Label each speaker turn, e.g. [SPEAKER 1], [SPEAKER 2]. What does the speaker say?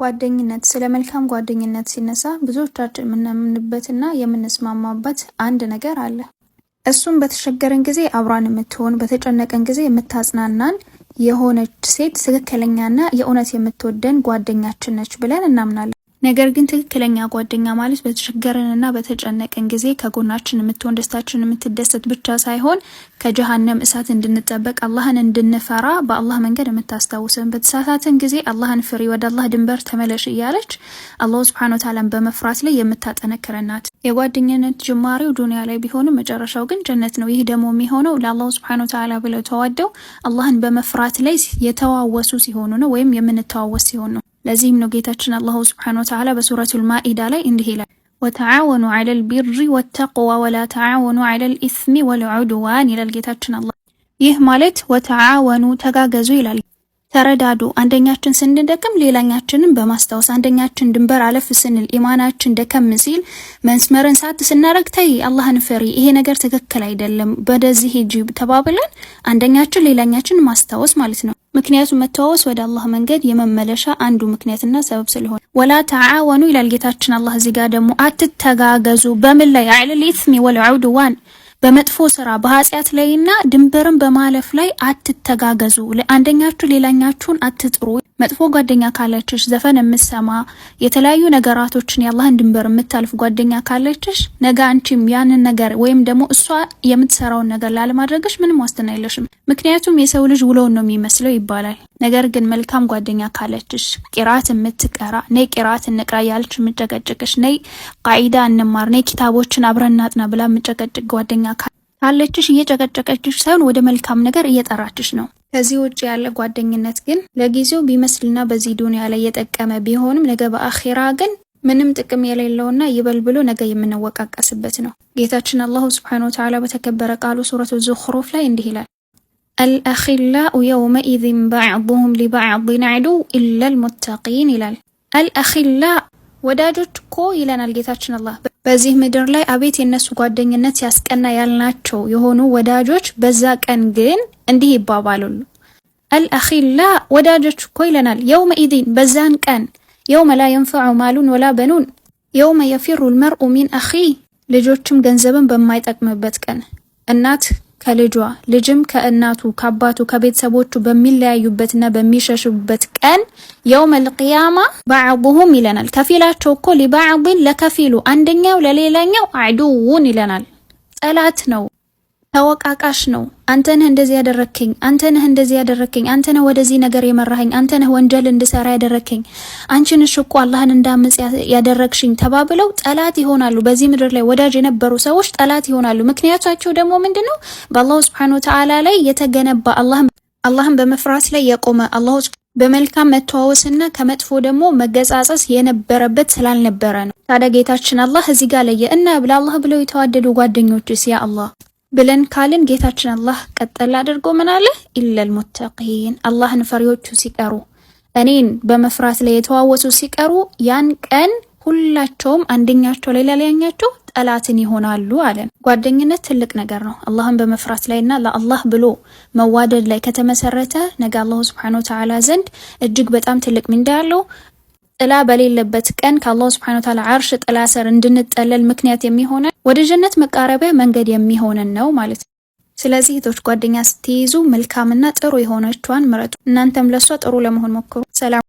[SPEAKER 1] ጓደኝነት ስለ መልካም ጓደኝነት ሲነሳ ብዙዎቻችን የምናምንበትና የምንስማማበት አንድ ነገር አለ። እሱም በተቸገረን ጊዜ አብሯን የምትሆን በተጨነቀን ጊዜ የምታጽናናን የሆነች ሴት ትክክለኛና የእውነት የምትወደን ጓደኛችን ነች ብለን እናምናለን። ነገር ግን ትክክለኛ ጓደኛ ማለት በተቸገረንና በተጨነቀን ጊዜ ከጎናችን የምትሆን ደስታችን የምትደሰት ብቻ ሳይሆን ከጀሃነም እሳት እንድንጠበቅ አላህን እንድንፈራ በአላህ መንገድ የምታስታውሰን፣ በተሳሳትን ጊዜ አላህን ፍሪ፣ ወደ አላህ ድንበር ተመለሽ እያለች አላሁ ስብሐነሁ ወተዓላን በመፍራት ላይ የምታጠነክረናት የጓደኝነት ጅማሬው ዱንያ ላይ ቢሆንም መጨረሻው ግን ጀነት ነው። ይህ ደግሞ የሚሆነው ለአላሁ ስብሐነሁ ወተዓላ ብለው ተዋደው አላህን በመፍራት ላይ የተዋወሱ ሲሆኑ ነው፣ ወይም የምንተዋወስ ሲሆን ነው። ለዚህም ነው ጌታችን አላሁ ስብሓነ ወተዓላ በሱረቱል ማኢዳ ላይ እንዲህ ይላል ወተዓወኑ ዐለል ቢሪ ወተቅዋ ወላ ተዓወኑ ዐለል ኢስሚ ወልዑድዋን ይላል ጌታችን አላህ። ይህ ማለት ወተዓወኑ ተጋገዙ ይላል። ተረዳዱ። አንደኛችን ስንደክም ሌላኛችንን በማስታወስ አንደኛችን ድንበር አለፍ ስንል ኢማናችን ደከም ሲል መስመርን ሳት ስናረግ ተይ አላህን ፈሪ፣ ይሄ ነገር ትክክል አይደለም፣ በደዚህ ሂጂ ተባብለን አንደኛችን ሌላኛችን ማስታወስ ማለት ነው። ምክንያቱም መተዋወስ ወደ አላህ መንገድ የመመለሻ አንዱ ምክንያትና ሰበብ ስለሆነ ወላ ተዓወኑ ይላል ጌታችን አላህ። እዚህ ጋር ደግሞ አትተጋገዙ በምን ላይ ኢስሚ ወል ዑድዋን በመጥፎ ስራ በኃጢአት ላይና ድንበርን በማለፍ ላይ አትተጋገዙ። አንደኛችሁ ሌላኛችሁን አትጥሩ። መጥፎ ጓደኛ ካለችሽ ዘፈን የምትሰማ የተለያዩ ነገራቶችን የአላህን ድንበር የምታልፍ ጓደኛ ካለችሽ ነገ አንቺም ያንን ነገር ወይም ደግሞ እሷ የምትሰራውን ነገር ላለማድረግሽ ምንም ዋስትና የለሽም። ምክንያቱም የሰው ልጅ ውሎውን ነው የሚመስለው ይባላል። ነገር ግን መልካም ጓደኛ ካለችሽ ቂራት የምትቀራ ነይ ቂራት እንቅራ ያለች የምጨቀጭቅሽ፣ ነይ ቃዒዳ እንማር፣ ነይ ኪታቦችን አብረን እናጥና ብላ የምጨቀጭቅ ጓደኛ ካለችሽ እየጨቀጨቀችሽ ሳይሆን ወደ መልካም ነገር እየጠራችሽ ነው። ከዚህ ውጭ ያለ ጓደኝነት ግን ለጊዜው ቢመስልና በዚህ ዱንያ ላይ የጠቀመ ቢሆንም ነገ በአኼራ ግን ምንም ጥቅም የሌለውና ይበል ብሎ ነገ የምንወቃቀስበት ነው። ጌታችን አላሁ ስብሓነሁ ወተዓላ በተከበረ ቃሉ ሱረቱ ዙኽሩፍ ላይ እንዲህ ይላል፣ አልአኺላኡ የውመኢዝን ባዕዱሁም ሊባዕድን ዐዱው ኢለል ሙተቂን ይላል። አልአኺላ ወዳጆች እኮ ይለናል ጌታችን አላህ በዚህ ምድር ላይ አቤት የነሱ ጓደኝነት ሲያስቀና ያልናቸው የሆኑ ወዳጆች በዛ ቀን ግን እንዲህ ይባባሉሉ። አልአኺላ ወዳጆች እኮ ይለናል። የውመ ኢዲን በዛን ቀን የውመ ላ የንፈዑ ማሉን ወላ በኑን የውመ የፊሩ ልመርኡ ሚን አኺ ልጆችም ገንዘብን በማይጠቅምበት ቀን እናት ከልጇ ልጅም ከእናቱ ከአባቱ ከቤተሰቦቹ በሚለያዩበትና በሚሸሽበት ቀን የውመል ቂያማ ባዕዱሁም ይለናል። ከፊላቸው እኮ ሊባዕድን ለከፊሉ አንደኛው ለሌላኛው አዕዱውን ይለናል፣ ጠላት ነው። ተወቃቃሽ ነው። አንተ ነህ እንደዚህ ያደረከኝ፣ አንተ ነህ እንደዚህ ያደረከኝ፣ አንተ ነህ ወደዚህ ነገር የመራኸኝ፣ አንተ ነህ ወንጀል እንድሰራ ያደረከኝ፣ አንቺን ነሽ አላህን እንዳምጽ ያደረግሽኝ ተባብለው ጠላት ይሆናሉ። በዚህ ምድር ላይ ወዳጅ የነበሩ ሰዎች ጠላት ይሆናሉ። ምክንያታቸው ደግሞ ምንድነው? በአላሁ ሱብሓነሁ ወተዓላ ላይ የተገነባ አላህን አላህን በመፍራት ላይ የቆመ አላሁ በመልካም መተዋወስና ከመጥፎ ደግሞ መገጻጸስ የነበረበት ስላልነበረ ነው። ታዲያ ጌታችን አላህ እዚህ ጋር ለየ እና ለአላህ ብለው የተዋደዱ ጓደኞችስ ያ አላህ ብለን ካልን ጌታችን አላህ ቀጠል አድርጎ ምን አለ? ኢለል ሙተቂን አላህን ፈሪዎቹ ሲቀሩ እኔን በመፍራት ላይ የተዋወሱ ሲቀሩ ያን ቀን ሁላቸውም አንደኛቸው ላይ ላላያኛቸው ጠላትን ይሆናሉ አለ። ጓደኝነት ትልቅ ነገር ነው። አላህን በመፍራት ላይና ለአላህ ብሎ መዋደድ ላይ ከተመሰረተ ነገ አላሁ ስብሐነሁ ወተዓላ ዘንድ እጅግ በጣም ትልቅ ምንዳ ያለው ጥላ በሌለበት ቀን ከአላሁ ስብሐነሁ ወተዓላ ዓርሽ ጥላ ስር እንድንጠለል ምክንያት የሚሆነ ወደ ጀነት መቃረቢያ መንገድ የሚሆነን ነው ማለት ነው። ስለዚህ እህቶች ጓደኛ ስትይዙ መልካምና ጥሩ የሆነችዋን ምረጡ። እናንተም ለእሷ ጥሩ ለመሆን ሞክሩ። ሰላም